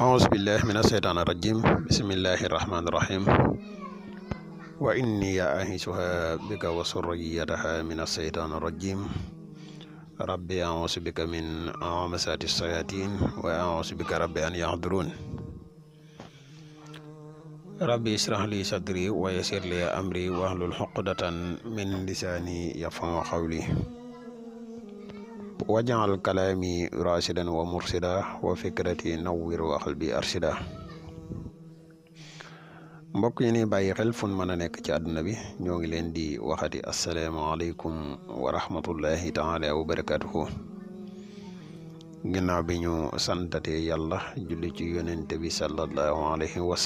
أعوذ بالله من الشيطان الرجيم بسم الله الرحمن الرحيم وإني أعيشها بك وسريتها من الشيطان الرجيم ربي أعوذ بك من عمسات الشياطين وأعوذ بك ربي أن يحضرون ربي اشرح لي صدري ويسر لي أمري واحلل عقدة من لساني يفقهوا قولي wajaal kalaami rashidan wa mursida wa fikrati nawwir wa qalbi arshida mbokk yi bàyyi xel fun mën a nekk ci àdduna bi ñoo ngi leen di waxati asalaamaaleykum wa rahmatullahi taala wa barakatuhu ginnaaw bi ñu santate yàlla julli ci yonente bi sallallahu alayhi wa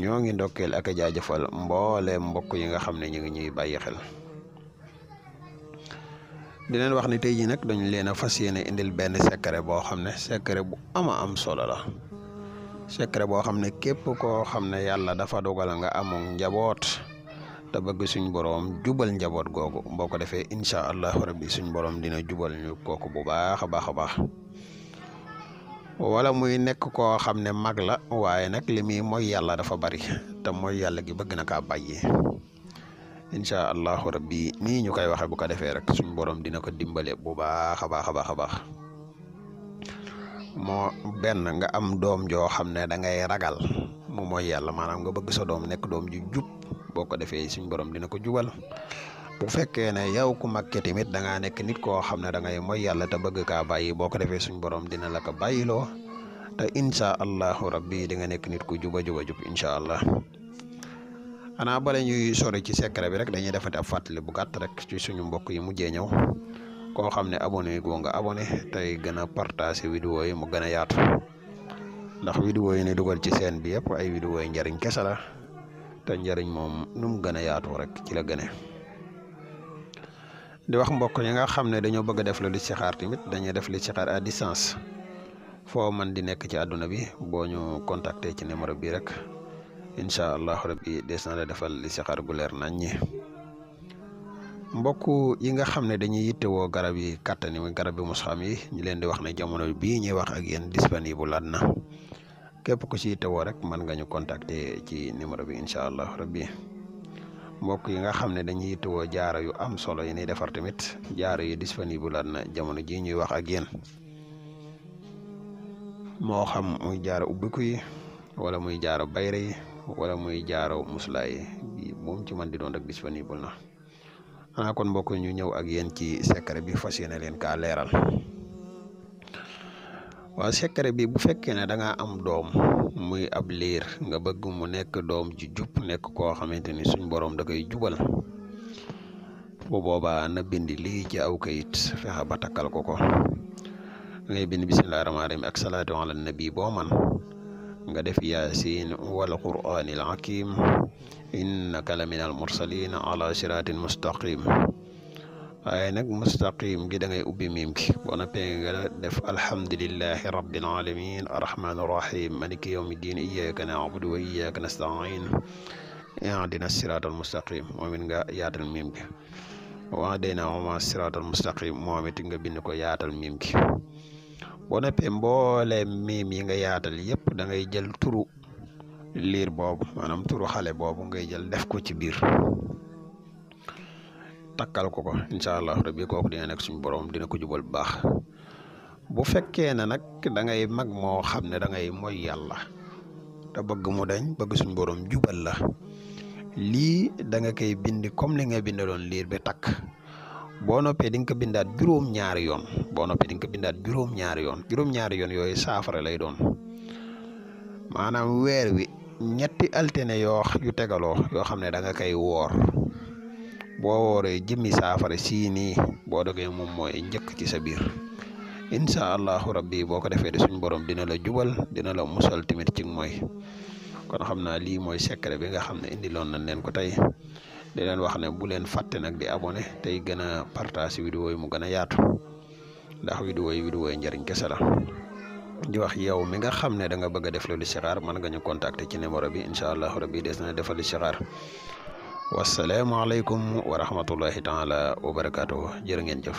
ñoo ngi ndokkeel ak a jaajëfal mboole mbokk yi nga xam ne ñu ngi ñuy bàyyi xel di leen wax ne tey jii nag dañu leen a fas yéene indil benn secret boo xam ne secret bu ama am solo la secret boo xam ne képp koo xam ne yàlla dafa dogal nga amoon njaboot te bëgg suñ borom jubal njaboot googu boo ko defee incha allahu rabbi suñ borom dina jubal ñu kooku bu baax a baax a baax. wala muy nekk koo xam ne mag la waaye nag li muy mooy yàlla dafa bari te mooy yàlla gi bëgg na kaa bàyyi insha Allah, rabbi ni ñu koy waxe bu ko defé rek suñu borom dina ko dimbalé bu baaxa baaxa baaxa baax mo ben nga am dom jo xamné da ngay ragal mo moy yalla manam nga bëgg sa dom nek dom ju jup boko defé suñu borom dina ko jubal bu fekke ne yow iya, ku makke timit da nga nek nit ko xam da ngay moy yalla ta bëgg ka bayyi boko defé suñu borom dina la ko lo. ta insha Allah, rabbi di nga nek nit ku juba juba jup. insha allah ana bala ñuy sori ci secret bi rek dañuy defati ab fatali bu gatt rek ci suñu mbokk yi mujjee ñëw ko xamné ne abonné yi nga abonné tay gëna partager vidéo yi mu gëna yaatu ndax vidéo yi ni dugal ci seen bi yépp ay vidéo yi njariñ kessa la ta njariñ mom nu mu gëna yaatu rek ci la gëné di wax mbokk yi nga xamné ne dañoo bëgg def la xaar tamit dañuy def xaar à distance fo man di nek ci aduna bi contacter ci numéro bi rek Insyaallah allah rabbi des na la defal xar gu leer naññi mbokk yi nga xamne ne dañuy wo garab yi katani mu garab bi musxam yi ñu leen di wax ne jamono bi ñi wax ak yeen disponible at na ku ci wo rek man nga ñu contacter ci numéro bi insha allah rabbi mbokk yi nga xamne ne dañuy wo jaara yu am solo yi ñuy defar tamit jaara yi disponible at na jamono ji ñuy wax ak yeen mo xam muy jaara ubbiku yi wala muy jaara bayre yi wala muy jaaro muslaay bi moom ci man di doon rek disponible na xanaa kon mbokk ñu ñëw ak yéen ci secret bi fas yéene leen kaa leeral waaw secret bi bu fekkee ne da am doom muy ab liir nga bëgg mu nekk doom ji jub nekk koo xamante ni suñ boroom da koy jubal bu boobaa na bind lii ci aw kayit fexe ba takkal ko ko ngay bind bismillaahi rahmaani rahiim ak salaatu ala nabi boo man nga def yaasiin wal quraanil hakiim innaka la minal mursaliin ala siraatin mustaqim waaye nag mustaqim gi ubbi miim gi boo noppee nga def alhamdulilahi rabbil alamin arrahmaani rahim maliki yawmi diin iyyaka na'budu wa iyyaka nasta'iin ihdina siraatal mustaqim moom it nga yaatal miim gi wa hadaynaahumaa mustaqim moom it nga bind ko yaatal boo noppee mboolee miim yi nga yaatal yëpp dangay jël turu liir boobu maanaam turu xale boobu ngay jël def ko ci biir takkal ko ko incha allah rabbi kooku dina nekk suñu boroom dina ko jubal bu baax bu fekkee ne nag dangay mag moo xam ne dangay moy mooy yàlla te bëgg mu dañ bëgg suñu borom jubal la lii danga nga koy bind comme li nga bindaloon liir bi takk. boo noppee di nga ko bindaat juróom-ñaari yoon boo noppee di nga ko bindaat juróom-ñaari yoon juróom-ñaari yoon yooyu saafara lay doon maanaam weer wi ñetti altine yoo yu tegaloo yoo xam ne da nga koy woor boo wooree jimi saafara sii nii boo dogee moom mooy njëkk ci sa biir incha allahu rabbi boo ko defee de suñ borom dina la jubal dina la musal tamit ci mooy kon xam naa lii mooy secret bi nga xam ne indi loon nañ leen ko tey. di leen wax ne bu leen fàtte nag di abonné tey gën a partage vidéo yi mu gën a yaatu ndax vidéo yi vidéo yi njëriñ kese la di wax yow mi nga xam ne da nga bëgg def lu listixaar mën nga ñu contacter ci numéro bi incha allah rabbi des na defal listixaar wasalaamualeykum wa rahmatullahi taala wa barakaatu jërë ngeen jëf.